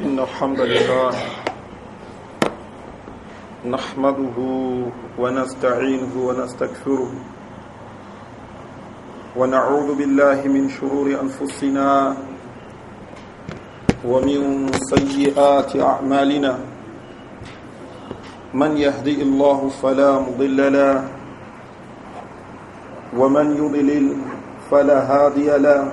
إن الحمد لله نحمده ونستعينه ونستكفره ونعوذ بالله من شرور أنفسنا ومن سيئات أعمالنا من يهدي الله فلا مضل له ومن يضلل فلا هادي له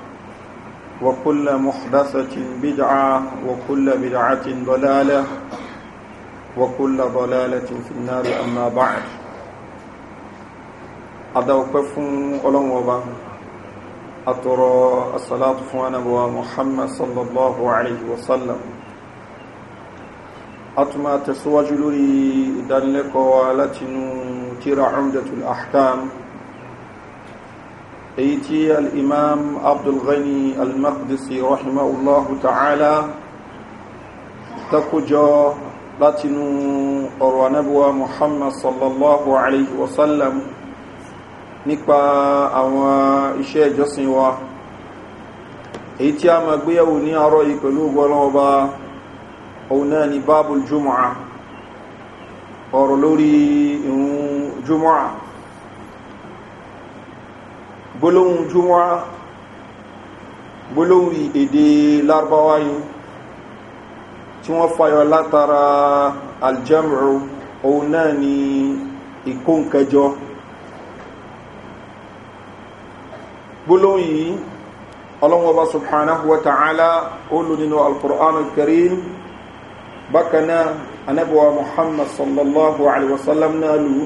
وكل محدثة بدعة وكل بدعة ضلالة وكل ضلالة في النار أما بعد أدوقف أولم وبا أترى الصلاة فوانا محمد صلى الله عليه وسلم أتما تسوى جلوري دان لكوا تير عمدة الأحكام èyí tí al'imam abdulghani al-maqdisi rahimahullahu ta'ala takójọ látinú ọ̀rọ̀ anábúwa muhammad sallallahu alaihi wasallam nípa àwọn iṣẹ́ ìjọsìn wa èyí tí a ma gbéyàwó ní àárọ̀ yìí pẹ̀lú gbọ́lọ́ọba òun ni bábùl jùmọ̀á ọ̀rọ̀ lórí ìrún jùmọ̀á gbólóhùn júmọ́á gbólóhùn èdè lárúbáwá yìí tí wọ́n fayọ látara aljamru òun náà ni ìkó nkẹjọ gbólóhùn yìí ọlọ́wọ́ba subhanahu wa ta'ala olú nínú alkur'an alkarim bákanáà anábọ̀wà muhammad sallallahu alaihi wasallam náà lùú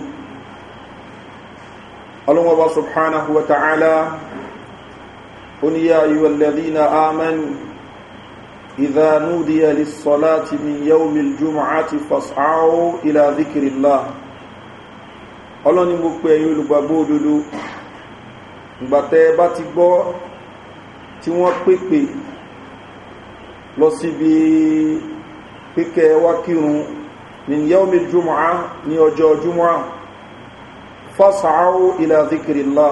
ọlọ́wọ́wọ́ subhanahu wa ta'ala oníyà ìwàlẹ̀dínà amẹ́n ìdánúdíyà lìsọ́lá ti mi yau mil juma'a ti fasáwó ilá zikirila ọlọ́ni mo pè yí olùgbàgbó òdodo ìgbàtẹ́ bá ti gbọ́ tí wọ́n fasaau ila zikirila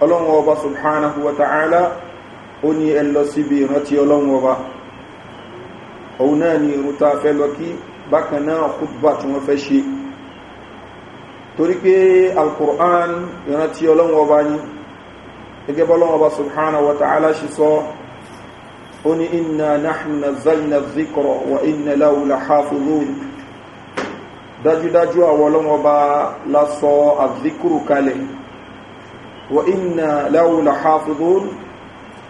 ọlọ́run ọba subhanahu wa ta'ala ó ní ẹ lọ síbi ìrántí ọlọ́run ọba òun náà ni irun ta fẹ́ lọ kí bákan náà kútbà tí wọ́n fẹ́ ṣe torí pé alkùrán ìrántí wa ta'ala ṣe sọ inna nahnu nazzalna dhikra wa inna lahu lahafizun dájúdájú àwọn ọlọ́wọ́ bá lásọ àdíkùrù kalẹ̀ wọ iná láwùlà hafidun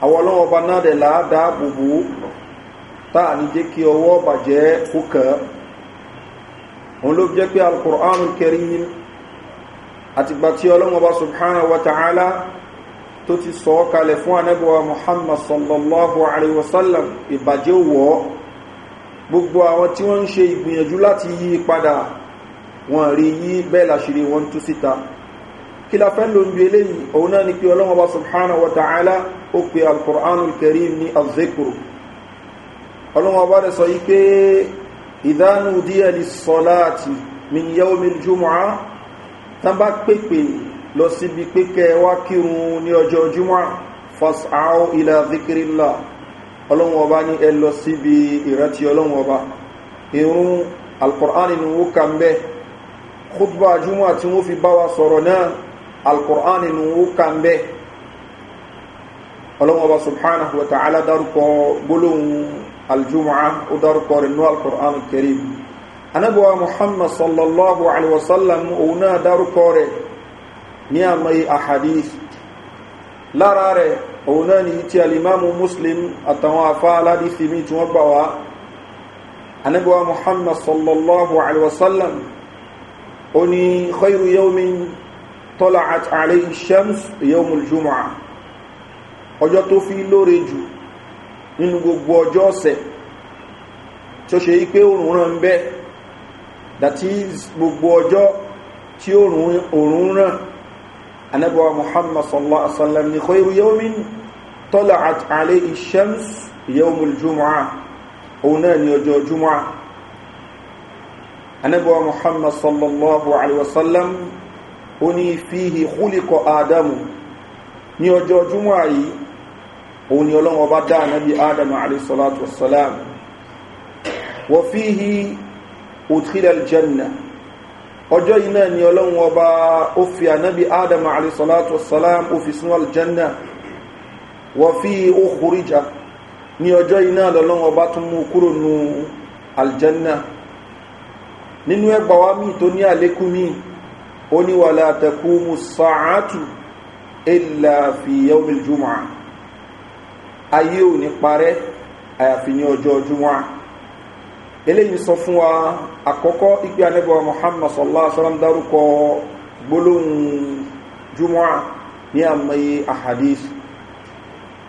àwọn ọlọ́wọ́ bá náà dẹ̀ láàdá bùbù táà ní jẹ́ kí ọwọ́ bàjẹ́ kúkẹ́ òun ló jẹ́ pé alkùránù kẹrin àtìgbà tí ọlọ́wọ́ bá subhanahu wa ta'ala tó ti sọ kalẹ̀ fún anẹ́bọ̀wà muhammad sallallahu alaihi wasallam ìbàjẹ́ wọ́ gbogbo àwọn tí wọ́n ń ṣe ìgbìyànjú láti yí padà wọn rí yí bẹ́ẹ̀ láṣìírí wọn tú síta kí la fẹ́ ló ń bi eléyìí òun náà ni pé ọlọ́wọ́n bá subhana wa ta'ala ó pe alkur'anu kareem ní azekuru ọlọ́wọ́n bá rẹ̀ sọ yí pé ìdánù díẹ̀ ní sọláàtì min yau min jumu'a tán bá pèpè lọ síbi pẹ́kẹ́ wá kírun ní ọjọ́ jumu'a fas'au ila zikirila ọlọ́wọ́n bá ní ẹ lọ síbi ìrántí ọlọ́wọ́n bá irun alkur'anu ni ó kà ń bẹ́ẹ̀ kútbà júmọ́ àti wọ́n fi bá wa sọ̀rọ̀ náà alkùrán nínú ó kà ń bẹ́ ọlọ́wọ́ bá subhanahu wa ta'ala dárúkọ gbólóhùn aljúmọ́ ó dárúkọ rínú alkùrán kẹrì anábọ̀wá muhammad sallallahu alaihi wasallam òun náà dárúkọ rẹ̀ ní àmì àhàdíth lára rẹ̀ òun náà ni tí alimamu muslim àtàwọn afá aládìsí mi tí wọ́n gbà wá anábọ̀wá muhammad sallallahu alaihi wasallam ó ní khairu yomi tọ́lá àti àlẹ́ shams yomul jumu'a ọjọ́ tó fi lóore jù nínú gbogbo ọjọ́ ọ̀sẹ̀ tí ó ṣe yí pé òrùn ràn ń that is gbogbo ọjọ́ tí òrùn ràn anábọ̀wà muhammad sallallahu alaihi wasallam ni khairu yomin tọ́lá àti àlẹ́ shams yomul jumu'a òun náà ni ọjọ́ jumu'a anabiwa muhammad sallallahu alaihi wasallam ó ní fíhì kúlìkọ adamu ní ọjọ́ júmọ́ àyí òun ni ọlọ́wọ́ bá dá anabi adamu alaihi salatu wasalam wọ fíhì òtìlẹ̀ jẹ́nà ọjọ́ yìí náà ni ọlọ́run ọba ó fi ànábì adam alìsọ́látọ̀ salam ó fi aljanna wọ́n fi ó kúrìjà ní ọjọ́ yìí náà lọ́lọ́run ọba tún aljanna nínú ẹgbà wá mí tó ní àlékún mí ó ní wà látẹkú mú sàátù ilà fi yọmí jùmọ̀ ayé ò ní parẹ́ àyàfi ní ọjọ́ jùmọ̀ eléyìí sọ fún wa àkọ́kọ́ ìgbé anẹ́bọ̀ muhammad sallallahu alaihi wa sallam dárúkọ gbólóhùn jùmọ̀ ní àmàyé àhàdìsì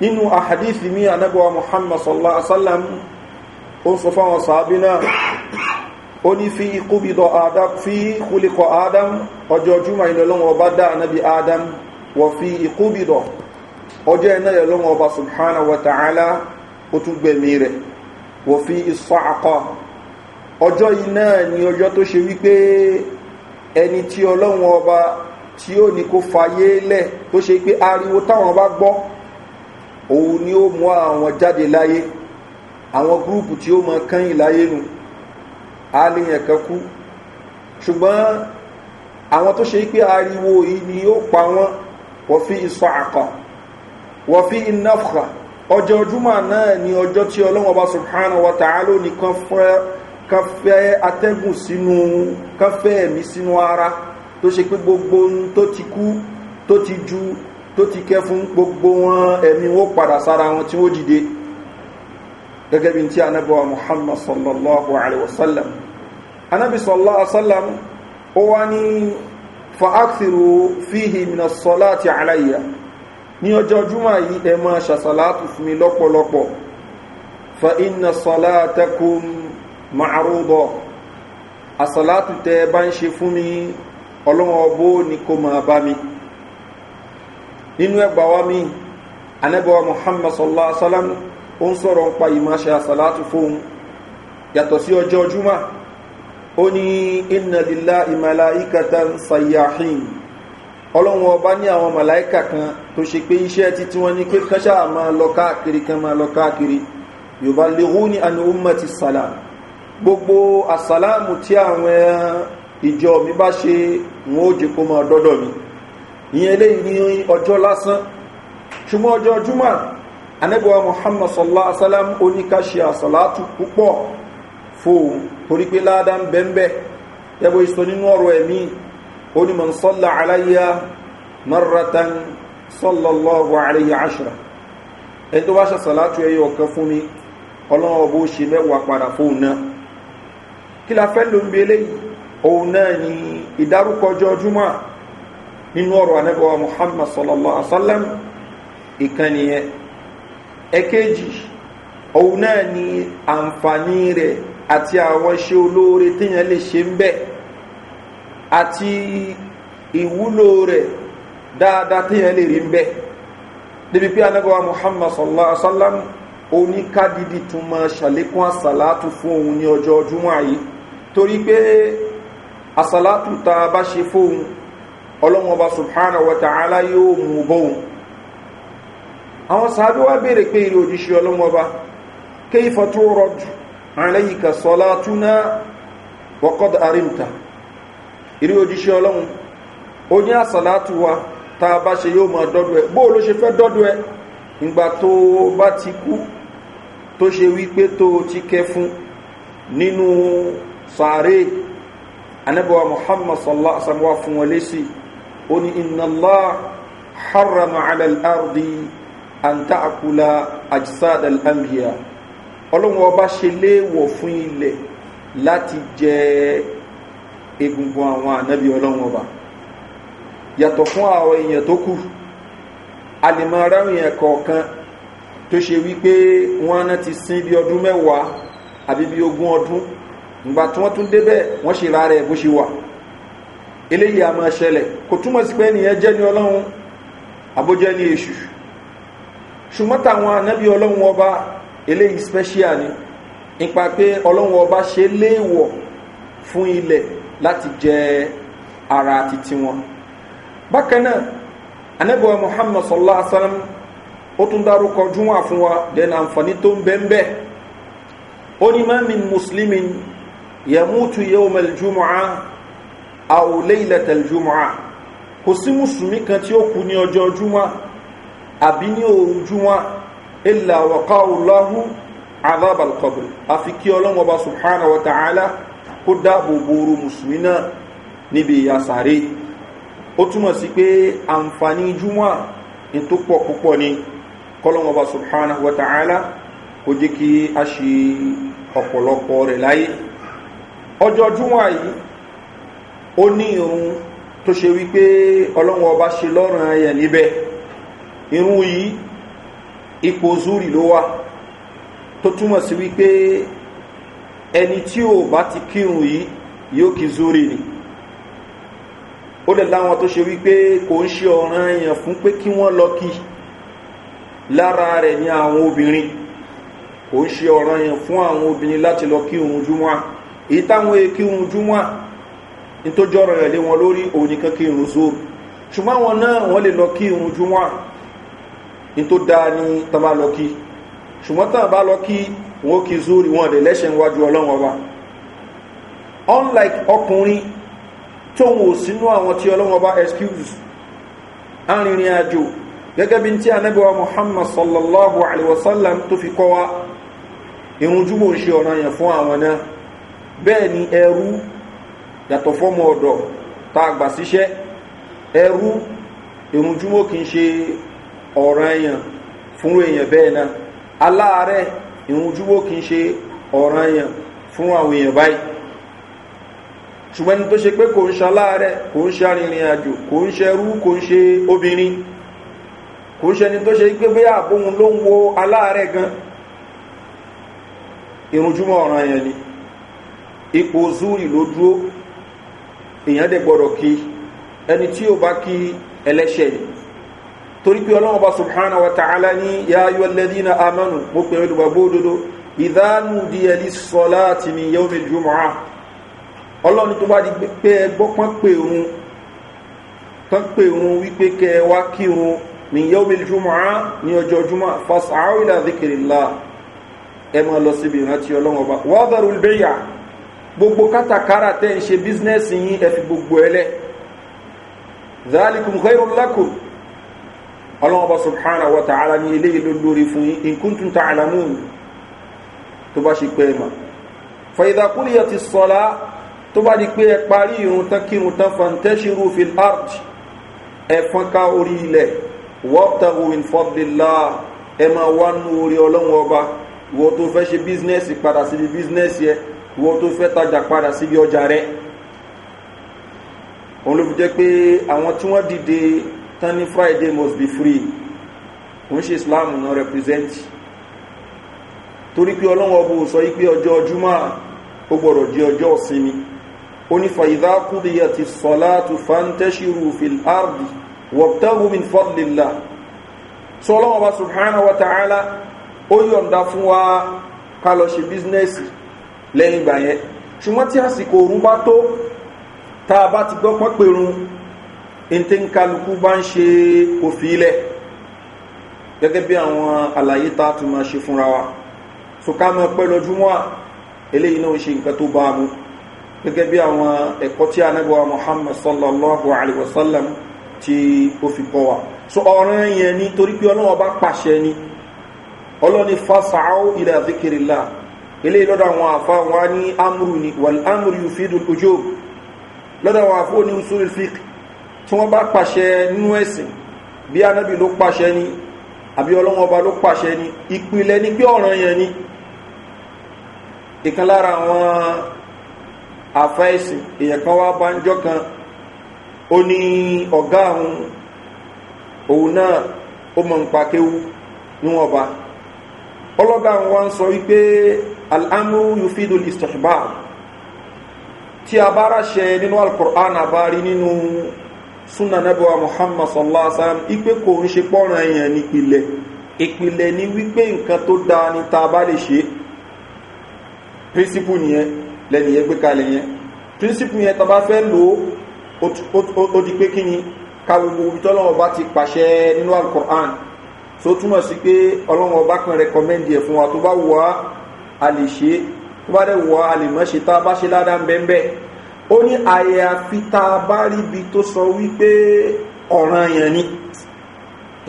nínú àhàdìsì mí anẹ́bọ̀ muhammad sallallahu alaihi ó sọ fáwọn sàábí náà ó ní fi kúbidọ̀ adam fi kúlikọ̀ adam ọjọ́ júmọ̀ ìlọ́lọ́wọ́ ọba dá anábi adam wọ fi kúbidọ̀ ọjọ́ iná ìlọ́lọ́wọ́ ọba subhanahu wa ta'ala ó tún gbẹ̀mí rẹ̀ wọ fi ìsọ àkọ́ ọjọ́ iná ni ọjọ́ tó ṣe wípé ẹni tí ọlọ́wọ́ ọba tí ó ní kó alẹ́ yẹn kan kú ṣùgbọ́n àwọn tó ṣe pé ariwo yìí ni ó pa wọ́n wọ́n fi ìsọ àkàn wọ́n fi ináfà ọjọ́ ọdúnmọ̀ náà ni ọjọ́ tí ọlọ́wọ́n bá subhanahu wa ta'ala nìkan fẹ́ kan fẹ́ atẹ́gùn sínú kan fẹ́ ẹ̀mí sínú ara tó ṣe pé gbogbo tó ti kú tó ti ju tó ti kẹ́ fún gbogbo wọn ẹ̀mí wọ́n padà sára wọn tí wọ́n dìde gẹ́gẹ́ bí tí anábọ̀wà muhammad sallallahu alaihi wasallam anábi sallallahu alaihi wasallam ó wá ní fa'akthiru fihi min as-salati alayya ní ọjọ́ juma yìí ẹ máa ṣàṣàlátù fún mi lọ́pọ̀lọpọ̀ fa inna salatakum ma'rudah àṣàlátù tẹ bá ń ṣe fún mi ọlọ́wọ́ bó ní kó máa bá mi nínú ẹgbàá wa mi anábọ̀wà muhammad sallallahu alaihi wasallam ó ń sọ̀rọ̀ ń pa ìmáṣe àsàlátù fóun yàtọ̀ sí ọjọ́ júmọ́ ó ní ìnàlélá ìmàlá ìkàtà sàyàhìn ọlọ́run ọba ní àwọn màláìkà kan tó ṣe pé iṣẹ́ títí wọn ní pé kánṣà máa lọ káàkiri kan máa lọ káàkiri yorùbá lèrú ní àni ti sàlám gbogbo àsàlámù tí àwọn ìjọ mi bá ṣe wọn ó jẹ kó máa dọ́dọ̀ mi ìyẹn eléyìí ní ọjọ́ lásán ṣùgbọ́n ọjọ́ júmọ́ anabiwa muhammad sallallahu alaihi wasallam oníkàṣe àsàlátù púpọ̀ fóun torí pé ládàá ń bẹ́ńbẹ́ yẹ́bù ìsọ nínú ọ̀rọ̀ ẹ̀mí onímọ̀ sọ́lá aláyá marratan sallallahu alayhi ashra ẹni tó wá ṣe sàlátù ẹyọ ọ̀kan fún mi ọlọ́wọ́ bó ṣe mẹ́wàá padà fóun náà kí la fẹ́ ló ń ìkànnì yẹn ẹ̀kejì òun náà ni àǹfààní rẹ̀ àti àwọn ṣe olóore téèyàn lè ṣe ń bẹ̀ àti ìwúlò rẹ̀ dáadáa téèyàn lè rí ń bẹ̀ débi pé anábọ́wá muhammad sallallahu alaihi wasallam sallam oníkádìdì tún máa ṣàlékún àsàlátù fún òun ní ọjọ́ ọdúnwà yìí torí pé àsàlátù ta bá ṣe fóun ọlọ́wọ́n ọba subhanahu wa ta'ala yóò mú bóun àwọn sàábí wá bèèrè pé èrè òjíṣẹ́ ọlọ́mọba ké ifọ̀ tó rọjù àrẹ́yìnkà sọlá túná wọ́kọ́dà àríǹta èrè òjíṣẹ́ ọlọ́run ó ní àsàlá tó wa tá a bá ṣe yóò máa dọ́dọ̀ ẹ bóò ló ṣe fẹ́ dọ́dọ̀ ẹ ìgbà tó bá ti kú tó ṣe wípé tó ti kẹ fún nínú sàárè anábọ̀wá muhammad sallallahu fún wọn lé sí ó ní ìnàlá harrama alal ardi àǹtá àkúlá àjísáàdà àmbíyà ọlọ́run ọba ṣe léèwọ̀ fún ilẹ̀ láti jẹ egungun àwọn ànábì ọlọ́run ọba yàtọ̀ fún àwọn èèyàn tó kù alìmọ̀ aráwìn ẹ̀kọ̀ kan tó ṣe wípé wọ́n ná ti sin bí ọdún mẹ́wàá àbí bí ogún ọdún ìgbà tí wọ́n tún débẹ̀ wọ́n ṣe ra bó ṣe wà eléyìí àmọ́ ṣẹlẹ̀ kò túmọ̀ sí pé ènìyàn jẹ́ ní ọlọ́run àbójẹ́ ní èṣù ṣùgbọ́n táwọn anábí ọlọ́run ọba eléyìí special ni nípa pé ọlọ́run ọba ṣe léèwọ̀ fún ilẹ̀ láti jẹ ara titi wọn bákan náà anábí muhammad sallallahu alaihi wa sallam ó tún dárúkọ júwà fún wa dẹ́n àǹfààní tó ń bẹ́ńbẹ́ ó ní má min muslimin yamutu yawm al-jumu'ah aw laylat al-jumu'ah kò sí musulmi kan tí ó kú ní ọjọ́ jumu'ah àbí ní òru júmọ́ ilà wàkà ọlọ́hu azabal kọbùrù àfi kí ọlọ́run ọba subhana wa ta'ala kó dáàbò booru mùsùlùmí náà níbi ìyá sáré ó túmọ̀ sí pé àǹfààní júmọ́ ní tó pọ̀ púpọ̀ ni kọ́lọ́run ọba subhana wa ta'ala kó jẹ́ kí a ṣe ọ̀pọ̀lọpọ̀ rẹ̀ láyé ọjọ́ júmọ́ yìí ó ní irun tó ṣe wípé ọlọ́run ọba ṣe lọ́rùn ayẹ̀ níbẹ̀ irun yìí ipò zúrì ló wá tó túmọ̀ sí wípé ẹni tí ò bá ti kírun yìí yóò kí zúrì ni ó lè láwọn tó ṣe wípé kò ń ṣe ọ̀ràn èèyàn fún pé kí wọ́n lọ kí lára rẹ̀ ní àwọn obìnrin kò ń ṣe ọ̀ràn èèyàn fún àwọn obìnrin láti lọ kí òun júmọ́ èyí táwọn èkí òun júmọ́ nítòjọ́rọ̀ rẹ̀ lé wọn lórí òun nìkan kí irun zoro ṣùgbọ́n wọn náà wọ́n lè lọ kí irun júmọ́ ní tó dáa ní tán bá lọ kí ṣùgbọ́n tán bá lọ kí wọn kì zúrí wọn dẹ̀ lẹ́ṣẹ̀ níwájú ọlọ́run ọba unlike ọkùnrin tóun ò sínú àwọn tí ọlọ́run ọba excuse arìnrìn àjò gẹ́gẹ́ bí tí anábíwá muhammad sallallahu alaihi wasallam tó fi kọ́ wa irun júmọ̀ ń ṣe ọ̀ràn yẹn fún àwọn náà bẹ́ẹ̀ ni ẹrú yàtọ̀ fọ́mọ ọ̀dọ̀ tá a gbà síṣẹ́ ẹrú irun júmọ̀ kì í ṣe ọ̀rọ̀ èèyàn fún èèyàn bẹ́ẹ̀ náà aláàárẹ̀ ìrúnjúwó kìí ṣe ọ̀rọ̀ èèyàn fún àwọn èèyàn báyìí ṣùgbọ́n tó ṣe pé kò ń ṣe aláàárẹ̀ kò ń ṣe arìnrìn àjò kò ń ṣe ẹrú kò ń ṣe obìnrin kò ń ṣe ni tó ṣe pé àbóhun ló ń wo aláàárẹ̀ ni ipò ló dúró èèyàn torí pé ọlọ́run bá subhanahu wa ta'ala ní ya ayyuha alladhina amanu mo pè olùgbàgbó òdodo idha nudiya lis-salati min yawmi al-jumu'ah ọlọ́run tó bá di pé ẹgbọ́ pọ́n pè òun pọ́n pè òun wípé kẹ wá kí òun min yawmi al-jumu'ah ní ọjọ́ ọlọ́wọ́n bá subhana wa ta'ala ní ilé ìlú lórí fún yí ìkúntún ta'ala mú tó bá ṣe pé ma fàyídàkúlìyà ti sọ́lá tó bá di pé ẹ parí irun tán kírun tán fàntẹ́ṣirú fil art ẹ̀fọn ká orí ilẹ̀ wọ́ptahu in fọ́dílá ẹ máa tani friday must be free òun ṣe islam náà represent torí pé ọlọ́wọ́ bó sọ wípé ọjọ́ ọjúmọ́ ó gbọ́dọ̀ jẹ́ ọjọ́ ọ̀sinmi ó ní fàyídá kúdíyà ti sọ́lá tó fàntẹ́ṣirù fil ardi wọ̀tẹ́gùnmin fọ́dìlá sọ ọlọ́wọ́ bá subhana wa ta'ala ó yọ̀nda fún wa ká lọ ṣe bísínẹ́sì lẹ́yìn ìgbà yẹn ṣùgbọ́n tí àsìkò òun bá tó tá bá ti gbọ́pọ́ pẹ̀rùn ntí ń kálukú bá ń ṣe kò fi ilẹ̀ gẹ́gẹ́ bí àwọn àlàyé tá a tún máa ṣe fúnra wa so ká máa pẹ́ lọ́júmọ́ à eléyìí náà ṣe nǹkan tó bá a mú gẹ́gẹ́ bí àwọn ẹ̀kọ́ tí anábọ̀wá muhammad sallallahu alayhi wa sallam tí ó fi kọ́ wa so ọ̀ràn yẹn ni torí pé ọlọ́wọ́ bá pàṣẹ ni ọlọ́ni fasa'au ilẹ̀ àzíkìrìlá eléyìí lọ́dọ̀ àwọn àfa wa ní amúrù ni wàl amúrù fi dùn ojú lọ́dọ̀ àwọn àfọ́ ní usul fiqh tí wọ́n bá pàṣẹ nínú ẹ̀sìn bí anábì ló pàṣẹ ni àbí ọlọ́wọ́n ọba ló pàṣẹ ni ìpìlẹ̀ ni pé ọ̀ràn yẹn ni ìkan lára àwọn àfa ẹ̀sìn èèyàn kan wá bá ń kan ó ní ọ̀gá àwọn òun náà ó mọ̀ ń pa kéwú níwọ̀n ba ọlọ́gá àwọn wa ń sọ wípé al'amuru yufidu istihbab tí a bá ráṣẹ nínú alkùrán àbárí nínú súnà nẹ́bọ̀wá muhammad sallallahu alaihi wa sallam ipe kò ń ṣe pọ́nrán èèyàn nípìnlẹ̀ ìpìlẹ̀ ni wípé nǹkan tó dáa ni ta bá lè ṣe príncipù nìyẹn lẹ́nu gbé kalẹ̀ yẹn príncipù yẹn ta bá fẹ́ lò ó di pé kí ni ka gbogbo ibi tọ́lọ́wọ́ bá ti pàṣẹ nínú alukur'an so túmọ̀ sí pé ọlọ́wọ́ bá kan rẹkọmẹ́ndì ẹ̀ fún wa tó bá wà á lè ṣe tó bá dẹ̀ wà á lè ó ní àyàfi tá a bá ríbi tó sọ wípé ọ̀ràn yẹn ni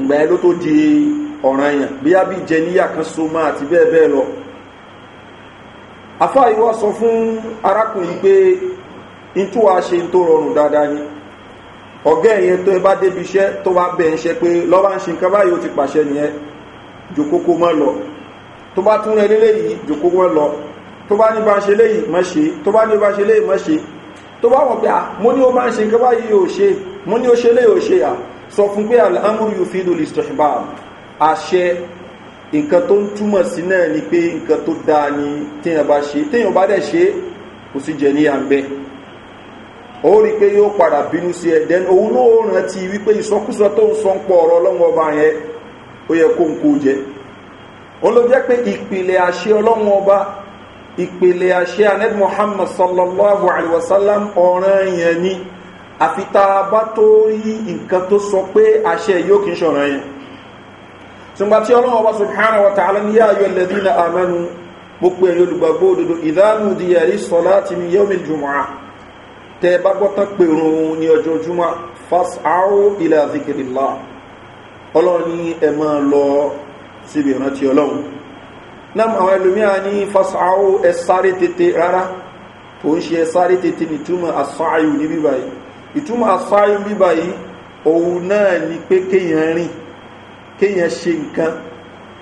ìgbà yẹn ló tó di ọ̀ràn yẹn bí a bí jẹ níyà kan so máa àti bẹ́ẹ̀ bẹ́ẹ̀ lọ afá ìwọ sọ fún arákùnrin pé n tó ṣe tó rọrùn dáadáa ni ọ̀gá ẹ̀yẹn tó ẹ bá débi iṣẹ́ tó bá bẹ̀ ń ṣe pé lọ́wọ́ ń ṣe nǹkan báyìí ó ti pàṣẹ nìyẹn jòkókó mọ́ lọ tó bá tún rẹ léléyìí jòkókó mọ́ lọ tó bá ní bá ṣe léyìí mọ́ ṣe tó bá ní bá ṣe léyìí mọ́ ṣe tó bá wọ̀ pé à ah, mo ní o máa ń ṣe nǹkan báyìí yóò ṣe mo ní o ṣe lé yóò ṣe à sọ fún pé alhamdu yóò fi dùn lìstọ̀ṣùbà àṣẹ nǹkan tó ń túmọ̀ sí náà ni pé nǹkan tó dáa ni téèyàn bá ṣe téèyàn bá dẹ̀ ṣe kò sí jẹ ní àmbẹ́ ó rí pé yóò padà bínú sí ẹ òun náà rántí wípé ìsọkúsọ tó ń sọ pọ̀ ọ̀rọ̀ ọlọ́run ọba yẹn ó yẹ kó ń kó jẹ òun ló jẹ́ pé ìpìlẹ̀ àṣẹ ọlọ́run ọba ìpele àṣẹ anẹ́bí muhammad sallallahu alaihi wasallam ọ̀ràn yẹn ni àfi tá a bá tó rí nǹkan tó sọ pé àṣẹ yóò kì í ṣọ̀ràn yẹn tùgbà tí ọlọ́run ọba subhanahu wa ta'ala ní ayọ̀ lẹ́dínà àmẹ́nu gbogbo ẹ̀yọ́ olùgbàgbọ́ òdodo ìdánù di ẹ̀rí sọ láti ní yẹ́mi jùmọ̀á tẹ bá gbọ́tán pèrò òun ní ọjọ́ jùmọ̀ fas áwò ilẹ̀ àzikirìlá ọlọ́run ní ẹ̀mọ́ lọ síbi ìrántí ọlọ́run náà àwọn ẹlòmíà ní fásáwò ẹsáré tètè rárá kò ń ṣe ẹsáré tètè nìtúmọ̀ àsáyù ní bíbáyìí ìtúmọ̀ àsáyù bíbáyìí òun náà ni pé kéèyàn rìn kéèyàn ṣe nǹkan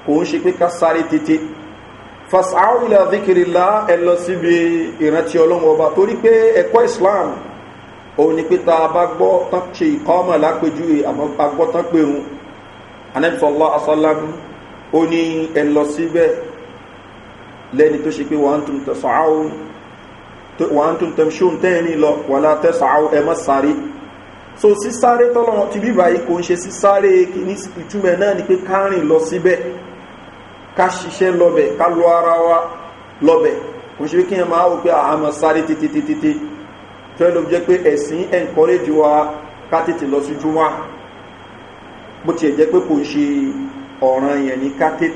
kò ń ṣe pé ká sáré tètè fásáwò ilẹ̀ àdékèrèlá ẹ lọ síbi ìrántí ọlọ́run ọba torí pé ẹ̀kọ́ islam òun ni pé tá a bá gbọ́ tán ṣe ìkọ́mọ̀ lápèjúwe àmọ́ bá gbọ́ tán pé òun anẹ́bísọ̀lá asọ́lámù ó ní ẹ lọ síbẹ̀ lẹ́ni tó ṣe pé wọ́n tún tẹ̀ ṣóun tẹ́ẹ̀ni lọ wà látẹ́sà ẹmọ́ sáré so sísáré tọ́lọ́wọ́n ti bíbà yìí kò ń ṣe sísáré ní ìtumẹ̀ náà ni pé kárìn lọ síbẹ̀ ká ṣiṣẹ́ lọ́bẹ̀ ká lọ ara wa lọ́bẹ̀ kò ṣe kí ẹ máa wò pé àmọ́ sáré tètè tètè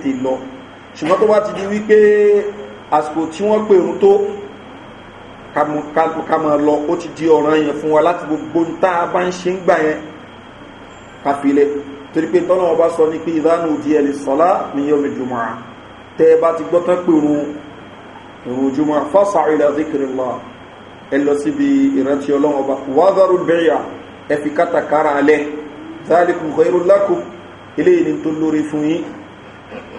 tó ṣùgbọ́n tó bá ti di wípé àsìkò tí wọ́n pè ń tó ká máa lọ ó ti di ọ̀ràn yẹn fún wa láti gbogbo ń tá a bá ń ṣe ń gbà yẹn ká filẹ̀ torí pé tọ́lọ́ ọba sọ ní pé ìdánù di ẹ̀ lè sọ́lá níyẹn omi jùmọ̀ à tẹ́ ẹ bá ti gbọ́ tán pé òun òun jùmọ̀ fásà ìlà zikiri lọ ẹ lọ síbi ìrántí ọlọ́run ọba wàzàrú bẹ́yà ẹ fi kátàkárà alẹ́ záàlì kùnkọ́ irú lákùn eléyìí tó lórí fún yín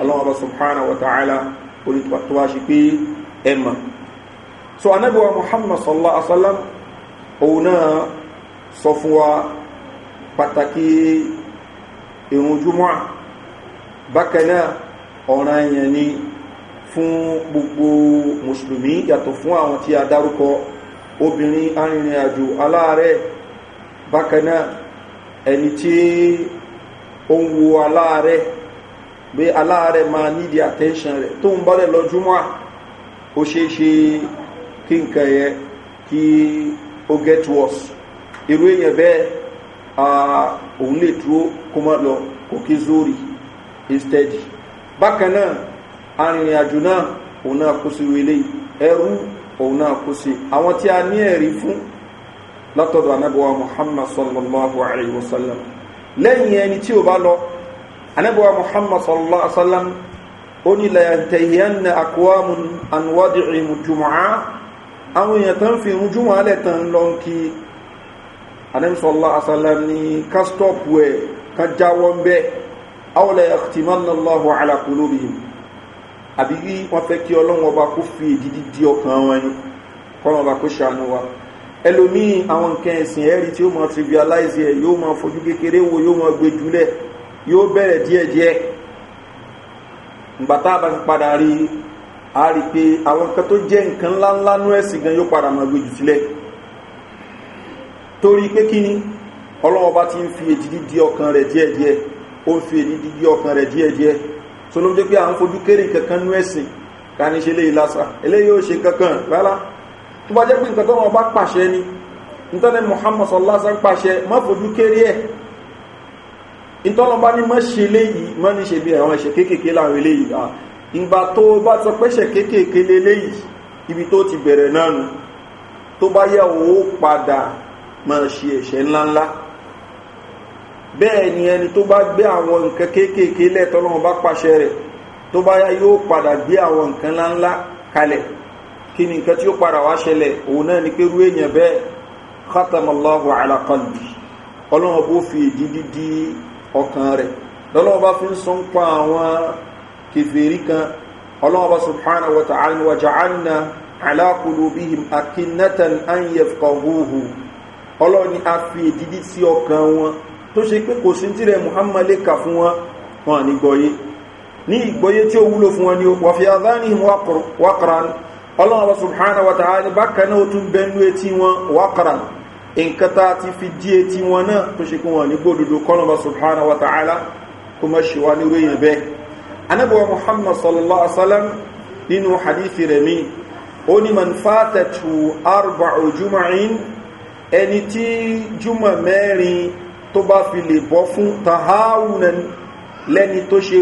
ọlọ́wọ́ba subhanahu wa ta'ala olùtọ́wà ṣe pé ẹmà so anábíwa muhammad sallallahu alaihi wasallam òun náà sọ fún wa pàtàkì ìrùn júmọ́ bákanáà ọ̀ràn èèyàn ni fún gbogbo mùsùlùmí yàtọ̀ fún àwọn tí a dárúkọ obìnrin arìnrìnàjò aláàrẹ̀ bákanáà ẹni tí ó ń wo aláàrẹ̀ bí aláàrẹ̀ ma nídi attention rẹ̀ tó ń bọ́lẹ̀ lọ́júmọ́ ó o ṣe kí nǹkan yẹ kí ó get worse irú èèyàn bẹ́ẹ̀ òun lè dúró kó mọ́ lọ kò kí zórí instead bákan náà arìnrìnàjò náà òun náà kó sí wele ẹrú òun náà kó sí àwọn tí a ní ẹ̀rí fún látọ̀dọ̀ anábọ̀wá muhammad sallallahu alayhi wa sallam lẹ́yìn ẹni tí ó anabuwa muhammad sallallahu alaihi wasallam oni la yantahiyanna aqwamun an wadi'i jumu'a àwọn èèyàn tán fi irun jumu'a lẹ̀ tán lọ kí anabi sallallahu alaihi wasallam ni ká stop wẹ̀ ká jáwọ́ ń bẹ́ aw la yakhtimanna allahu ala qulubihim àbí wọ́n fẹ́ kí ọlọ́run ọba kó fi ìdídí di ọkàn wọn ni kọ́nà ọba kó ṣàánú wa ẹlòmíì àwọn nǹkan ẹ̀sìn ẹ̀rí tí ó mọ̀ trivialize ẹ̀ yóò mọ̀ fojú kékeré wo yóò mọ̀ gbẹjúlẹ̀ yóò bẹ̀rẹ̀ díẹ̀díẹ̀ ìgbà a bá fi padà rí i a rí i pé àwọn kan tó jẹ́ nǹkan ńláńlá nú ẹ̀sìn gan yóò padà máa gbèjì torí pé kí ti ń fi èjì dídí ọkàn rẹ̀ díẹ̀díẹ̀ ó ń fi èjì dídí ọkàn rẹ̀ díẹ̀díẹ̀ tó jẹ́ pé à ń fojú kéré kankan nú ẹ̀sìn ká ní ṣe kankan rárá tó bá jẹ́ pé nǹkan tó ni nítorí muhammad sallallahu ìtọ́lọ́bá ní mọ́ ṣe léyìí mọ́ ní ṣe bí àwọn ẹ̀ṣẹ̀ kéèkéé láàrin léyìí à ìgbà tó bá sọ pẹ́ṣẹ̀ kéèkéé lé léyìí ibi tó ti bẹ̀rẹ̀ náà nù tó bá yẹ owó padà mọ́ ṣe ẹ̀ṣẹ̀ ńláńlá bẹ́ẹ̀ ni ẹni tó bá gbé àwọn nǹkan kéèkéé lẹ́tọ́lọ́wọ́n bá pàṣẹ rẹ̀ tó bá yá yóò padà gbé àwọn nǹkan ńláńlá kalẹ̀ kí ni nǹkan tí ó padà wá ṣẹlẹ̀ òun náà ni pé rú èèyàn bẹ́ẹ̀ khatamallahu ala qalbi bó fi èdí dídí ọkàn rẹ̀ lọ́lọ́wọ́ bá fi ń sọ ń pa àwọn kèfèrí kan ọlọ́wọ́ bá subhanahu wa ta'ala wa ja'alna ala qulubihim akinnatan an yafqahuhu ọlọ́wọ́ ni a fi ìdídí sí ọkàn wọn tó ṣe pé kò sí tírẹ̀ muhammad lè fún wọn wọn ní gbọ́yé ní ìgbọ́yé tí ó wúlò fún wọn ni wà fi adhanihim waqran ọlọ́wọ́ subhanahu wa ta'ala tún bẹ́nu etí wọn waqran nǹkan tá a ti fi díẹ̀ tí wọn náà tó ṣe kí wọn ní gbódodo kọ́nàbà subhana wa ta'ala kó má ṣe wá ní ròyìn bẹ́ẹ̀ anábọ̀ muhammad sallallahu alaihi wasallam nínú hadithi rẹ̀ mi ó ní man fatatu arba'u juma'in ẹni tí juma mẹ́rin tó bá fi lè bọ́ fún tahawunan lẹ́ni tó ṣe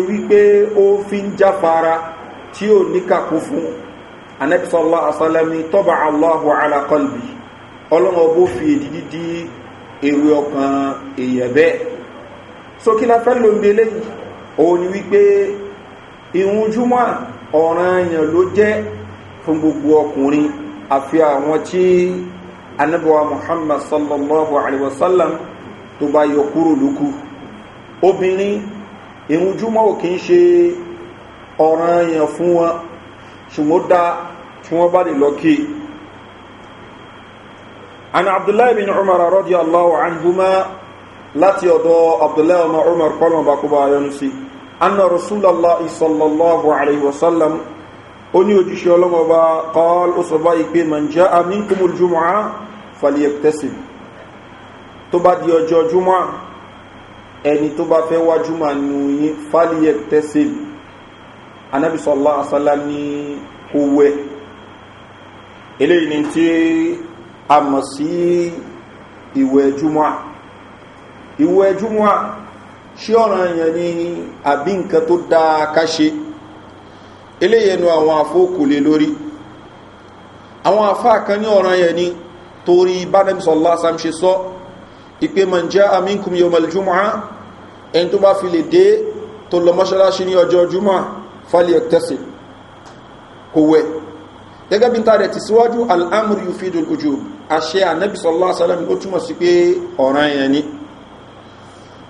ọlọ́wọ́ bó fi èdìdí di èrò ọkàn èèyàn bẹ́ẹ̀ so kí la fẹ́ ló ń belé yìí òun ni wípé ìhun júmọ́ ọ̀ràn èèyàn ló jẹ́ fún gbogbo ọkùnrin àfi àwọn tí anábọ̀wá muhammad sallallahu alaihi wasallam tó bá yọ kúrò lókù obìnrin ìhun júmọ́ ò kí ń ṣe ọ̀ràn èèyàn fún wọn ṣùgbọ́n dá tí wọ́n bá lè lọ kí عن عبد الله بن عمر رضي الله عنهما لا تيضو عبد الله بن عمر قال باكوبا ينسي أن رسول الله صلى الله عليه وسلم أني وجيش يولوما قال أصبائك من جاء منكم الجمعة فليكتسب تبادي جو جمعة ẹni tó bá fẹ́ wá júmọ̀ nù yí fàlìyẹ tẹ́sìn anábìsọ̀lá asálá ní kó wẹ́ eléyìí ni tí a mọ̀ sí ìwẹ̀ júmọ́ ìwẹ̀ júmọ́ ṣé ọ̀ràn èèyàn ni àbí nǹkan tó dáa ká ṣe eléyẹnu àwọn àfókò lè lórí àwọn àfáà kan ní ọ̀ràn èèyàn ni torí bánẹ́bísọ̀lá sam ṣe sọ ìpé mọ̀ jẹ́ amínkùn yóò mọ̀lẹ̀ ẹni tó bá fi lè dé tó lọ mọ́ṣáláṣí ní ọjọ́ júmọ́ fálẹ̀ tẹ́sì kò wẹ̀ gẹ́gẹ́ bí n ta rẹ̀ ti síwájú al'amur yóò fi dùn ojú àṣẹ ànábì sọ́lá sálẹ̀ ó túnmọ̀ sí pé ọ̀ràn yẹn ni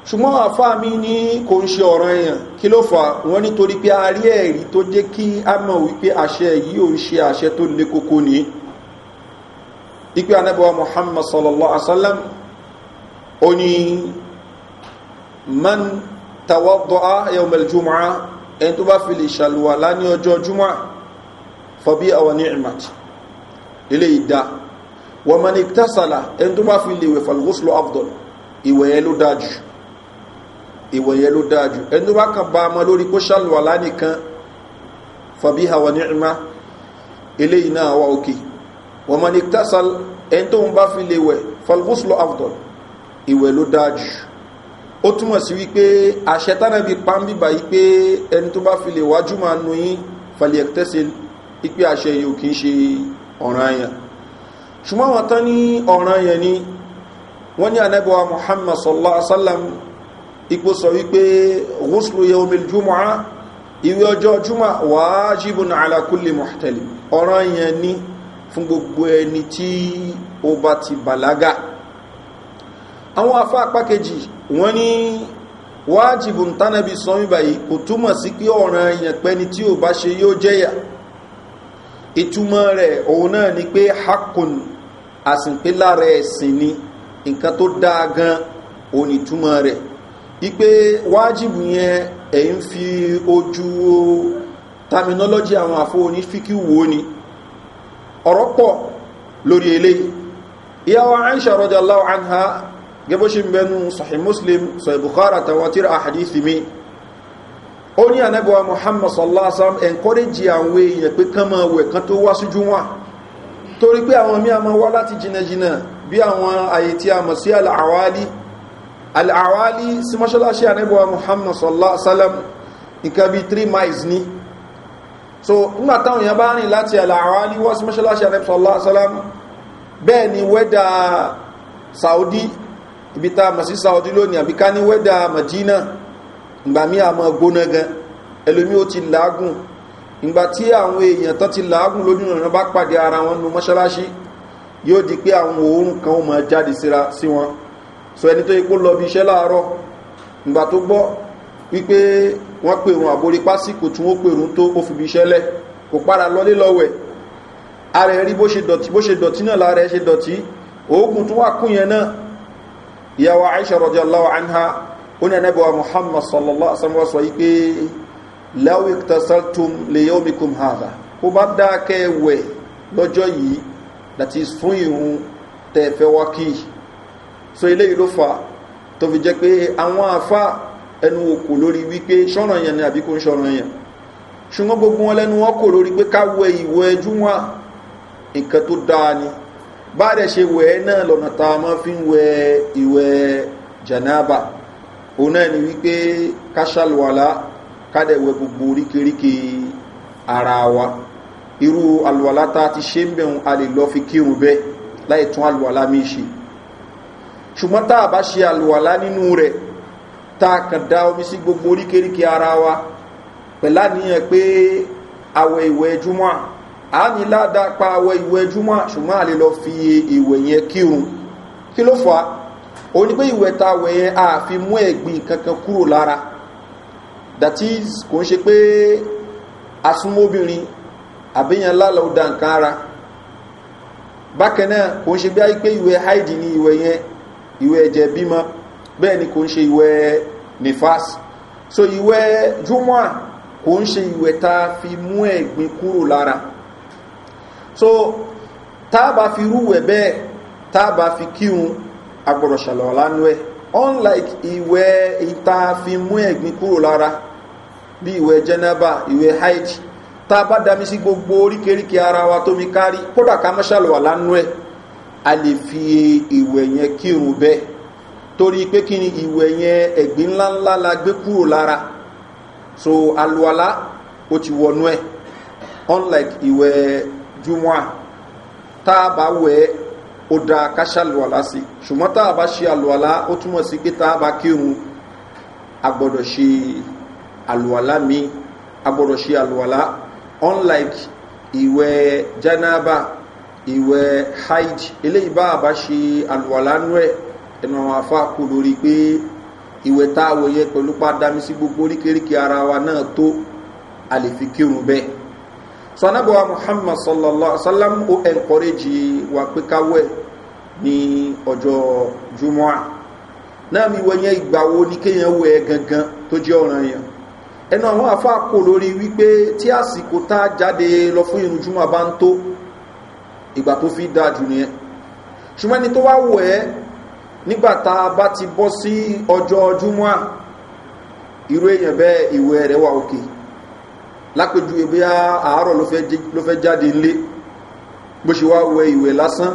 ṣùgbọ́n àfá mi ní kò ń ṣe ọ̀ràn yẹn kí ló fà wọ́n nítorí pé a rí ẹ̀rí tó jẹ́ kí a mọ̀ wípé àṣẹ yìí ò ń ṣe àṣẹ tó lé kókó ni ipe anábọ̀ muhammad sallallahu alaihi fọbí àwọn ní ìmàt ilé ìdá wọ́n mọ̀ ní tẹ́sàlà ẹni tó bá fi lè wẹ̀ falgoslo afdol ìwẹ̀yẹ ló dájú ìwẹ̀yẹ ló dájú ẹni tó bá kàn bá ọmọ lórí kó ṣàlùwàlá nìkan fọbí àwọn ní ìmà ilé iná àwa òkè wọ́n mọ̀ ní tẹ́sàl ẹni tó bá fi lè wẹ̀ falgoslo afdol ìwẹ̀ ló dájú ó túmọ̀ sí wípé àṣẹ tánàbí pàmbíbà yí pé ẹni fi lè wájú máa nu yín ipé àṣẹ yìí ò kí ń ṣe ọ̀ràn àyàn ṣùgbọ́n wọn tán ní ọ̀ràn àyàn ni wọ́n ní anábíwá muhammad sallallahu alaihi wasallam ipò sọ wípé ghuslu yawmil jumu'a ìwé ọjọ́ juma wajibun ala kulli muhtalim ọ̀ràn àyàn ni fún gbogbo ẹni tí ó bá ti bàlágà àwọn tánàbí sọmíbàyí kò túmọ̀ sí pé ọ̀ràn àyàn tí ò bá ṣe yóò jẹ́yà ìtumọ̀ rẹ̀ òun náà ni pé hakun àsìnpélà rẹ̀ ẹ̀sìn ni nǹkan tó dáa gan òun ìtumọ̀ rẹ̀ ipe wájìbù yẹn ẹ̀ ń fi ojú terminology àwọn àfóoní fíkí wo ni ọ̀rọ̀ pọ̀ lórí eléyìí ìyàwó àìṣà rọjà láwọn gẹ́bọ́ṣe mbẹ́nu sahih muslim sahih bukhara tàwọn tíra mi ó ní anábíwa muhammad sallallahu alaihi wasallam encourage àwọn èèyàn pé kán máa wẹ̀ kán tó wá sójú wọn torí pé àwọn mí a máa wá láti jìnàjìnà bí àwọn àyè tí a mọ̀ sí al'awali al'awali sí mọ́ṣálásí anábíwa muhammad sallallahu nǹkan bí 3 miles ní so nígbà táwọn èèyàn bá rìn láti al'awali wá sí mọ́ṣálásí anábíwa sallallahu alaihi wasallam bẹ́ẹ̀ ni wẹ́dà saudi ibi ta mọ̀ sí saudi ìgbà mí àmọ́ gbóná gan ẹlòmí ó ti làágùn ìgbà tí àwọn èèyàn tán ti làágùn lójú ìrìnà bá pàdé ara wọn nu mọ́ṣáláṣí yóò di pé àwọn òórùn kan ó mọ jáde síra sí wọn so ẹni tó ipò lọ bí iṣẹ́ láàárọ̀ ìgbà tó gbọ́ wípé wọ́n pèrún àborí pásíkò tí wọ́n pèrún tó ó fi bí iṣẹ́ lẹ̀ kò padà lọlé lọ́wẹ̀ ààrẹ rí bó ṣe dọ̀tí náà lára ẹ ṣe dọ̀tí òógùn tó wà kún yẹn náà ìyàwó àìṣà rọ̀jọ́ aláwọ̀ anha oní ẹnẹ́bọ̀wà muhammad sallallahu alaihi wasallam sọ wípé lawik tasaltum lè yóò mikum hada ó bá dákẹ́ wẹ̀ lọ́jọ́ yìí láti fún ìhun tẹ̀fẹ́ wá kí so ilé yìí fa tó fi jẹ́ pé àwọn àfá ẹnu òkò lórí wípé ṣọ́ràn yẹn ni àbí kò ń yẹn ṣùgbọ́n gbogbo wọn lẹ́nu wọn lórí pé káwẹ ìwẹ̀ ẹjú wọn nǹkan tó dáa ni bá rẹ̀ ṣe wẹ̀ náà lọ́nà tá a máa fi ń wẹ ìwẹ̀ jẹ̀nàbà òun náà ni wípé káṣàlùwàlá kádẹ̀wẹ̀ gbogbo oríkèríkè ara wa irú alùwàlá ta ti ṣe ń bẹ̀rún a lè lọ fi kírun bẹ́ láì tún alùwàlá mi ṣe ṣùgbọ́n tá a bá ṣe alùwàlá nínú rẹ̀ tá a kàn dá omi sí gbogbo oríkèríkè ara wa pẹ̀lá níyàn pé àwẹ̀ ìwẹ̀ ẹjúmọ́ a ní ládàá pa àwẹ̀ ìwẹ̀ ẹjúmọ́ ṣùgbọ́n a lè lọ fi ìwẹ̀ yẹn kírun kí ló fà á òun ni pé ìwẹ̀ ta wẹ̀ mú ẹ̀gbin kankan kúrò lára that is kò ń ṣe pé asúnmóbìnrin àbíyàn lálọ́ da nǹkan ara bákan náà kò ń ṣe bí i pé ìwẹ̀ haidi ni ìwẹ̀ yẹn ìwẹ̀ ẹ̀jẹ̀ bímọ bẹ́ẹ̀ ni kò ń ṣe ìwẹ̀ nifas so ìwẹ̀ júmọ́ kò ń ṣe ìwẹ̀ ta fi mú ẹ̀gbin kúrò lára so táàbà fi rúwẹ̀ bẹ́ẹ̀ táàbà fi kírun agbọ̀rọ̀ ṣàlọ̀lá nú ẹ̀ unlike ìwẹ̀ ìta fi mú ẹ̀gbin kúrò lára bí ìwẹ̀ jẹ́nẹ́bà ìwẹ̀ haid tá a bá dami sí gbogbo oríkèríkè ara wa tó mi kárí kódà ká mọ́ ṣàlọ̀lá nú a lè fi ìwẹ̀ yẹn kírun bẹ́ẹ̀ torí pé kí ni ìwẹ̀ yẹn ẹ̀gbin ńláńlá la gbé kúrò lára so aluwala ó ti wọnú ẹ̀ unlike ìwẹ̀ jumua tá a bá wẹ̀ ó dáa ká ṣàlùwàlá sí ṣùgbọ́n tá a bá ṣe àlùwàlá ó túmọ̀ sí pé tá a bá kírun a gbọ́dọ̀ ṣe àlùwàlá mi a gbọ́dọ̀ ṣe àlùwàlá unlike ìwẹ̀ janaba ìwẹ̀ haid eléyìí bá a bá ṣe àlùwàlá nú ẹ̀ ẹnu àwọn afá kú lórí pé ìwẹ̀ tá a wòye pẹ̀lú pa sí gbogbo oríkèéríkèé ara wa náà tó a lè fi kírun bẹ́ẹ̀ so anabuwa muhammad sallallahu alaihi wasallam o encourage wa pé ni ní ọjọ́ jumua náà mi wọ́n yẹn ìgbà wo ní kéèyàn wẹ̀ gangan tó jẹ́ ọ̀ràn yẹn ẹnu àwọn afá kò lórí wípé tí àsìkò tá a jáde lọ fún irun jumua bá ń tó ìgbà tó fi dáa jù nìyẹn ṣùgbọ́n ẹni tó wá wẹ̀ ẹ́ nígbà tá a bá ti bọ́ sí ọjọ́ jumua irú èèyàn bẹ́ẹ̀ ìwẹ̀ rẹ̀ wà òkè okay lápèjúwe bí àárọ̀ ló fẹ́ jáde ilé bó ṣe wá wẹ ìwẹ̀ lásán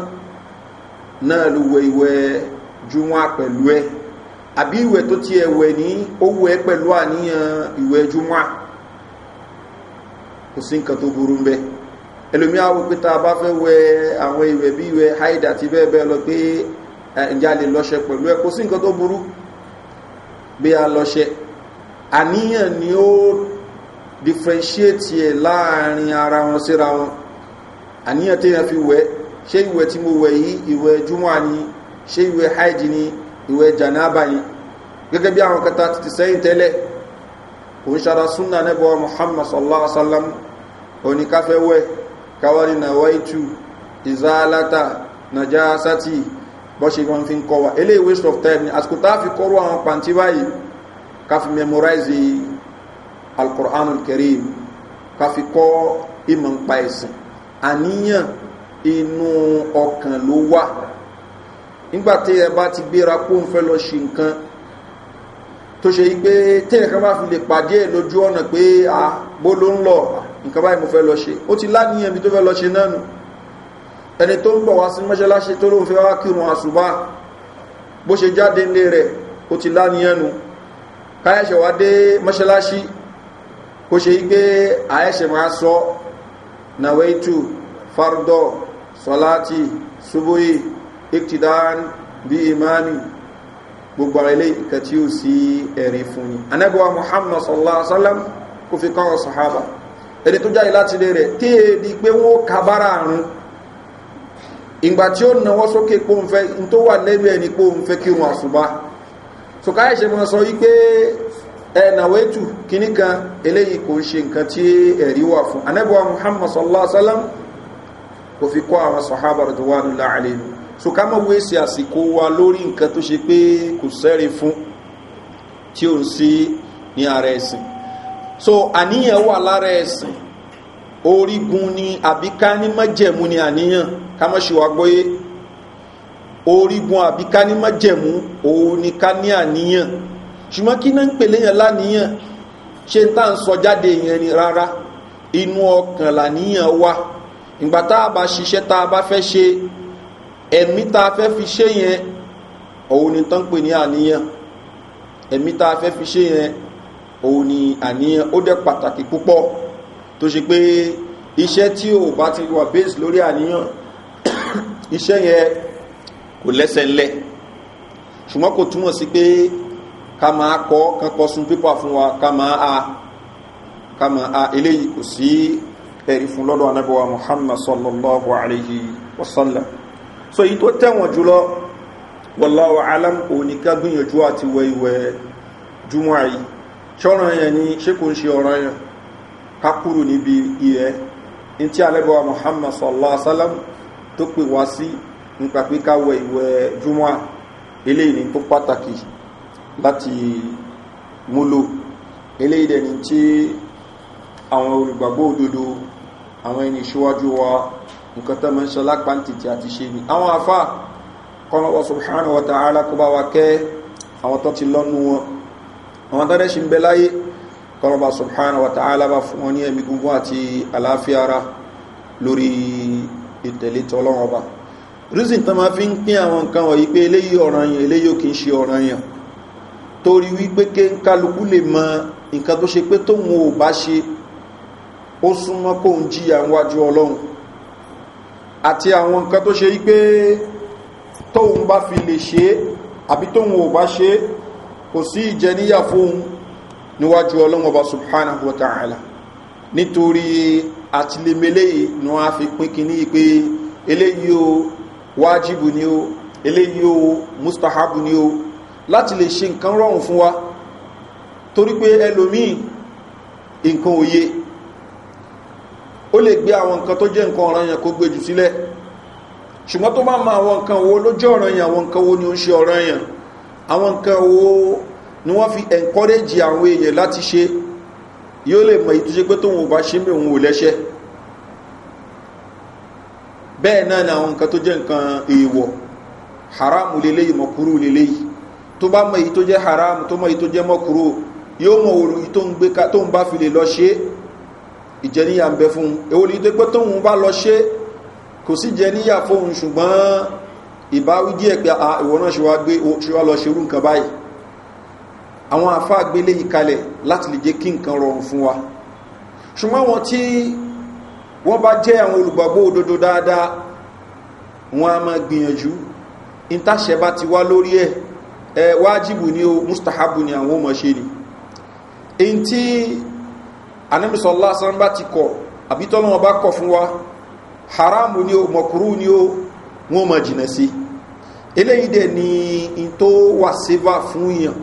náà ló wẹ ìwẹ̀ júmọ́ pẹ̀lú ẹ àbí ìwẹ̀ tó ti ẹ̀wẹ̀ ní ó wẹ pẹ̀lú àníyàn ìwẹ̀ júmọ́ kò sí nǹkan tó burú ń ẹlòmí àwọn pé a bá fẹ́ wẹ àwọn ìwẹ̀ bí ìwẹ̀ haid àti bẹ́ẹ̀ bẹ́ẹ̀ lọ pé ẹ̀ǹjà lè lọ́ṣẹ pẹ̀lú ẹ kò sí nǹkan tó burú bí a lọ́ṣẹ àníyàn ni ó differentiate ẹ̀ láàrin ara wọn síra wọn àníyàn téèyàn fi wẹ̀ ṣé ìwẹ̀ tí mo wẹ̀ yìí ìwẹ̀ júmọ́ ni ṣé ìwẹ̀ hajj ni ìwẹ̀ janaba ni gẹ́gẹ́ bí àwọn kata ti sẹ́yìn tẹ́lẹ̀ kò ń ṣara súnà nẹ́bọ̀ muhammad sallallahu alaihi wasallam òní káfẹ́ wẹ̀ káwárí na waitu ìzálátà najasati bọ́ṣe wọn fi ń kọwa eléyìí waste of time ni àsìkò tá a fi kọ́rọ̀ àwọn pàǹtí báyìí ká fi memorize alukur'an kẹrìm ká fi kọ́ ìmọ̀ nípa ẹ̀sìn àníyàn inú ọkàn ló wà nígbà tí ẹ bá ti gbéra kó ń fẹ́ lọ ṣe nǹkan tó ṣe pé téèyàn kan bá fi lè pàdé ẹ̀ lójú ọ̀nà pé a bó ló ń lọ nǹkan báyìí mo fẹ́ lọ ṣe ó ti láníyàn bí tó fẹ́ lọ ṣe náà nù ẹni tó ń bọ̀ wá sí mọ́ṣáláṣí tó ló ń fẹ́ wá kírun àṣùbá bó ṣe jáde nílé rẹ̀ ó ti láníyàn nù káyẹ̀ṣẹ̀ wá dé mọ́ṣáláṣí kó ṣe gbé àẹ́ṣẹ̀ máa sọ nawaitu fardo salati subuhi iktidan bí imami gbogbo ilé ìkà tí ó sí ẹ̀rí fún ni anábíwá muhammad sallallahu alaihi wasallam kò fi kọ́ sahaba ẹni tó jáde láti lè rẹ̀ tí è di pé wọ́n kàbára àrùn ìgbà tí ó náwọ́ sókè pòǹfẹ́ tó wà lẹ́bẹ̀ẹ́ ni pòǹfẹ́ kírun àṣùbá so káyẹ̀ṣẹ́ mọ́ sọ wípé ẹ̀nàwẹ́tù kìíní kan eléyìí kò ń ṣe nǹkan tí ẹ̀rí wà fún anẹ́bọ̀wà muhammad sallallahu alaihi wasallam kò fi kọ́ àwọn sahaba rẹ̀dọ̀wánulá alẹ́nu so ká mọ̀ wéṣì àsìkò wa lórí nǹkan tó ṣe pé kò sẹ́rí fún tí ó ń sí ní ara ẹ̀sìn so àníyàn wà lára ẹ̀sìn orígun ni àbíká ní mọ́jẹ̀mú ni àníyàn ká mọ̀ ṣe wá gbóyé orígun àbíká ní mọ́jẹ̀mú òun ni ká ní àníyàn ṣùgbọ́n kí náà ń pèlè yàn láníyàn ṣe tá à sọ jáde yẹn ni rárá inú ọkàn làníyàn wà ìgbà tá a bá ṣiṣẹ́ tá a bá fẹ́ ṣe ẹ̀mí tá a fẹ́ fi ṣe yẹn òun ni tán pè ní àníyàn ẹ̀mí tá a fẹ́ fi ṣe yẹn òun ni àníyàn ó dẹ̀ pàtàkì púpọ̀ tó ṣe pé iṣẹ́ tí ò bá ti wà base lórí àníyàn iṣẹ́ yẹn kò lẹ́sẹ̀ ńlẹ̀ ṣùgbọ́n kò túmọ̀ sí pé ká máa kọ́ kán kọ́ sun pépà fún wa ká a ká máa a eleyi kò sí ẹ̀rí fún lọ́dọ̀ anábọ̀wá muhammad sallallahu alayhi wa sallam so èyí tó tẹ̀wọ̀n jùlọ wàláwà alam òní ká gbìyànjú àti wẹ ìwẹ̀ júmọ́ yìí ṣọ́ràn yẹn ni ṣé kò ń ṣe ọ̀ràn yẹn ká kúrò níbi ìyẹn ní muhammad sallallahu alayhi wa sallam tó pè wá sí nípa pé ká wẹ ìwẹ̀ ni tó pàtàkì láti múlò eléyìí dẹ̀ ni tí àwọn olùgbàgbọ́ òdodo àwọn ẹni ṣíwájú wa nǹkan tó mọ́ ń ṣe lápáǹtìtì àti ṣe ni àwọn afá kọ́nàwọ́ subhanahu wa ta'ala kó bá wa kẹ́ àwọn tó ti lọ́nu wọn àwọn tó ṣe ń bẹ láyé kọ́nàwọ́ subhanahu wa ta'ala bá fún wọn ní ẹ̀mí gúngún àti àlàáfíà ara lórí ìtẹ̀lé tọ́lọ́wọ́ bá rízìn tó máa fi ń torí wípé ké ń kálukú lè mọ nǹkan tó ṣe pé tóun ò bá ṣe ó súnmọ́ kóun jìyà níwájú ọlọ́run àti àwọn nǹkan tó ṣe wípé tóun bá fi lè ṣe àbí tóun ò bá ṣe kò sí ìjẹníyà fóun níwájú ọlọ́run ọba subhanahu wa nítorí àtìlémélé ni wọ́n á fi pín kíní pé eléyìí o wájibù ni o eléyìí o mustahabu ni o láti lè ṣe nǹkan rọrùn fún wa torí pé ẹlòmíì nǹkan òye ó lè gbé àwọn nǹkan tó jẹ́ nǹkan ọ̀ràn kó gbé jù sílẹ̀ ṣùgbọ́n tó bá ma àwọn nǹkan wo ló jẹ́ ọ̀ràn àwọn nǹkan wo ni ó ń ṣe ọ̀ràn yẹn àwọn nǹkan wo ni wọ́n fi encourage àwọn èèyàn láti ṣe yóò lè mọ̀ ìtúnṣe pé tóun ò bá ṣe mí òun ò lẹ́ṣẹ́ bẹ́ẹ̀ náà ni àwọn nǹkan tó jẹ́ nǹkan èèwọ̀ haram lélẹ́yìí mọ̀kúrú lélẹ́yìí tó bá mọ èyí tó jẹ́ haram tó mọ èyí tó jẹ́ mọ́kúrò yóò mọ òru tó ń gbé tó ń bá fi lè lọ ṣe ìjẹníyà ń bẹ fún èwo ni tó pé tóun bá lọ ṣe kò sí jẹníyà fóun ṣùgbọ́n ìbáwí díẹ̀ pé a ah, ìwọ náà ṣe wá gbé ṣe wá lọ ṣe irú nǹkan báyìí àwọn àfáà gbélé yìí kalẹ̀ láti lè jẹ́ kí nǹkan rọrùn fún wa ṣùgbọ́n wọn tí wọ́n bá jẹ́ àwọn olùgbàgbó òdodo dáadáa wọn a máa gbìyànjú ìtàṣẹ bá ti wá lórí ẹ̀ ẹ wájibù ni o mustahabu ni àwọn ọmọ se ni èyí tí anamisọ́lá sanba ti kọ̀ àbí tọ́lọ́wọ́n bá kọ̀ fún wa haramu ni o mọ̀kúrú ni o wọ́n mọ̀ jìnà sí eléyìí dẹ̀ ni in tó wà síbà fún èèyàn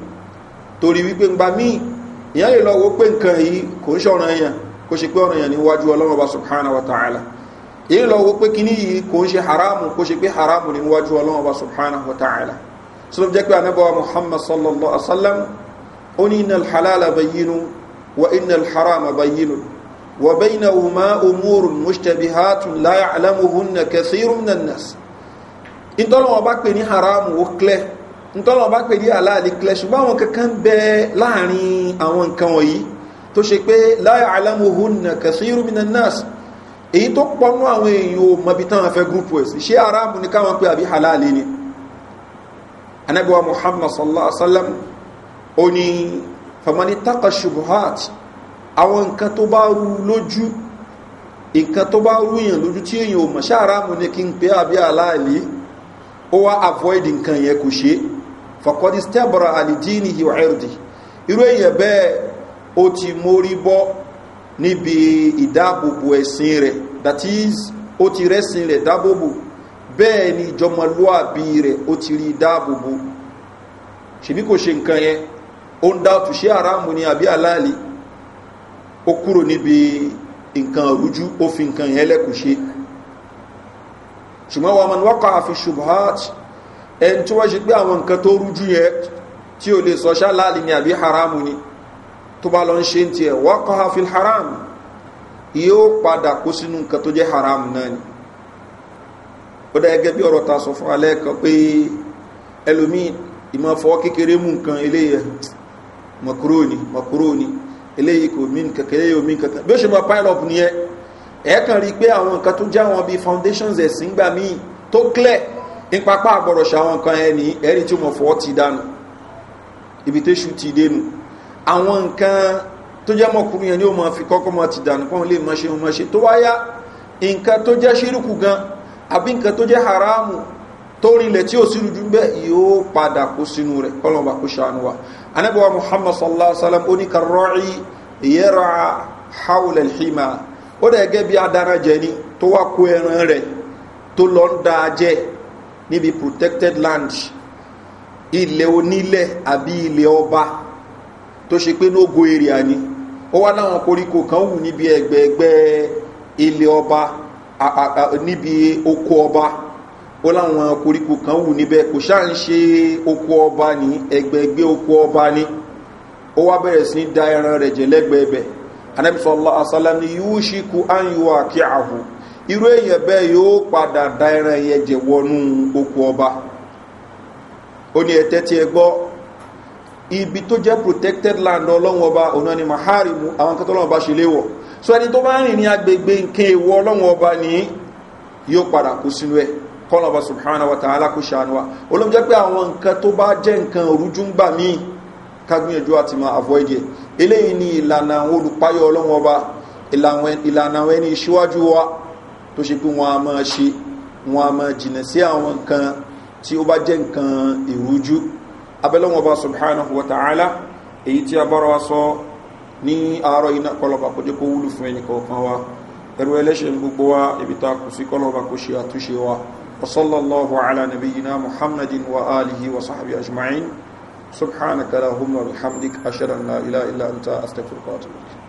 torí wípé ngbà míì èèyàn lè lọ wo pé nǹkan yìí kò ń ṣọ̀ràn èèyàn kò ṣe pé ọ̀ràn èèyàn níwájú ọlọ́run ọba subhanahu wa ta'ala èèyàn lọ wo pé kíní yìí kò ń ṣe haramu kò ṣe haram haramu níwájú ọlọ́run ọba subhanahu wa ta'ala sọlọ́m jẹ́ pé anábọ́wà muhammad sallallahu alaihi wasallam ó ní iná halala bayyinu wa iná harama bayyinu wa bayna ma umurun mushtabihatun la ya'lamuhunna kathirun min an-nas ìtọ́lọ̀ wọn bá pè ní haramu ó clear ìtọ́lọ̀ wọn bá pè ní aláàlì clear ṣùgbọ́n àwọn kankan bẹ láàrin àwọn nǹkan wọ̀nyí tó ṣe pé la ya'lamuhunna kathirun min an-nas èyí tó pọnú àwọn èèyàn mọbi táwọn fẹ́ gúrùpù ẹ̀sì ṣé haramu ni káwọn pé àbí halali ni anabiwa muhammad sallallahu alaihi wasallam ó ní famani taka shubuhat àwọn nǹkan tó bá rú lójú nǹkan tó bá rú yàn lójú tí èyàn ò mọ̀ ṣáàrámù ní kí n pé àbí aláàlì ó wá avoid nǹkan yẹn kò ṣe fọ̀kọ́dí stẹ́bọ̀rọ̀ àlìdíní yóò ẹ̀rùdì irú èyàn bẹ́ẹ̀ ó ti mórí bọ́ níbi ìdáàbòbò ẹ̀sìn rẹ̀ that is ó ti rẹ́sìn rẹ̀ dáàbòbò bẹ́ẹ̀ ni ìjọmọlúàbí rẹ̀ ó ti rí dáàbòbò ṣèbí kò ṣe nǹkan yẹn ó ń dáàtù ṣé àrámù ni àbí aláàlì ó kúrò níbi nǹkan rújú ó fi nǹkan yẹn lẹ́kù ṣe ṣùgbọ́n wa man wọ́kọ̀ àfi ṣubhat ẹni tí wọ́n ṣe pé àwọn nǹkan tó rújú yẹn tí ó lè sọ ṣáláàlì ni àbí haramu ni tó bá lọ ń ṣe ń tiẹ̀ wọ́kọ̀ àfi haramu yóò padà kó sínú nǹkan tó jẹ́ haramu náà ni kódà gẹ́gẹ́ bí ọ̀rọ̀ ta sọ fún alẹ́ kan pé ẹlòmí ìmọ̀ fọwọ́ kékeré mú nǹkan eléyẹ mọ̀kúrónì mọ̀kúrónì eléyìí kò mí kankan eléyìí omi kankan bí ó ṣe mọ pile up nìyẹn ẹ̀ẹ́kàn rí pé àwọn nǹkan tó jẹ́ àwọn bíi foundations ẹ̀sìn gbà míì tó clear nípapá àgbọ̀rọ̀ ṣàwọn nǹkan ẹni ẹni tí ó mọ̀ fọwọ́ ti dànù ibi tó ṣù ti dénú àwọn nǹkan tó jẹ́ mọ̀kúrú yẹn ni ó mọ̀ fi kọ́kọ́ mọ̀ ti dànù pọ́n lè mọ̀ ṣe àbí nǹkan tó jẹ́ haramu tó rinlẹ̀ tí ó sínú jù bẹ́ yóò padà kó sínú rẹ̀ kọlọ̀bà kó ṣàánú wa anábíwa muhammad sallallahu alaihi wasallam oníkarọ́ọ̀í yẹ́ra haul alhima ó dẹ̀ gẹ́ bí adára jẹ ni tó wá kó ẹran rẹ̀ tó lọ ń da níbi protected land ilẹ̀ onílẹ̀ àbí ilẹ̀ ọba tó ṣe pé nógo èrìà ni ó wá láwọn koríko kan wù níbi ẹgbẹ̀ẹ̀gbẹ́ ilẹ̀ ọba níbi oko ọba ó láwọn koríko kan wù níbẹ̀ kò ṣáà ń ṣe oko ọba ní ẹgbẹ̀gbẹ́ oko ọba ní ó wá bẹ̀rẹ̀ sí da ẹran rẹ̀ jẹ̀ lẹ́gbẹ̀ẹ́bẹ̀ anẹ́bísọ́lá asálám ni yíó ṣíkú áyíwá kí àhù irú èyàn bẹ́ẹ̀ yóò padà da ẹran yẹ jẹ̀ wọnú ní ẹ̀tẹ́ tí ẹ gbọ́ ibi tó jẹ́ protected land ọlọ́run ọba òun ni maharimu so ẹni tó bá ń rìn ní agbègbè nǹkan èèwọ̀ ọlọ́run ọba ní yóò padà kó sínú ẹ̀ kọ́nà ọba subhanahu wa ta'ala kó ṣàánú wa olóhùn jẹ́ pé àwọn nǹkan tó bá jẹ́ nǹkan òrújú ń gbà míì kágbìyànjú àti máa avoid eléyìí ni ìlànà àwọn olùpáyọ̀ ọlọ́run ọba ìlànà àwọn ẹni ìṣíwájú wa tó ṣe pé wọn a máa ṣe wọn a máa jìnà sí àwọn nǹkan tí ó bá jẹ́ nǹkan ìrújú abẹ́lẹ́wọ̀n ọba subhanahu wa ta'ala èyí tí a bára wa sọ ní àárọ̀ iná kọlọ̀bà kó jẹ́ kó wúlò fún ẹnì kọ̀ọ̀kan wa ẹrù ẹlẹ́ṣẹ̀ gbogbo wa ibi ta kù sí kọlọ̀bà kó ṣe àtúnṣe wa wasallallahu ala nabiyyina muhammadin wa alihi wa sahbi ajma'in subhanaka lahumma bihamdik ashadan la ilaha illa anta astaghfiruka wa atubu ilayk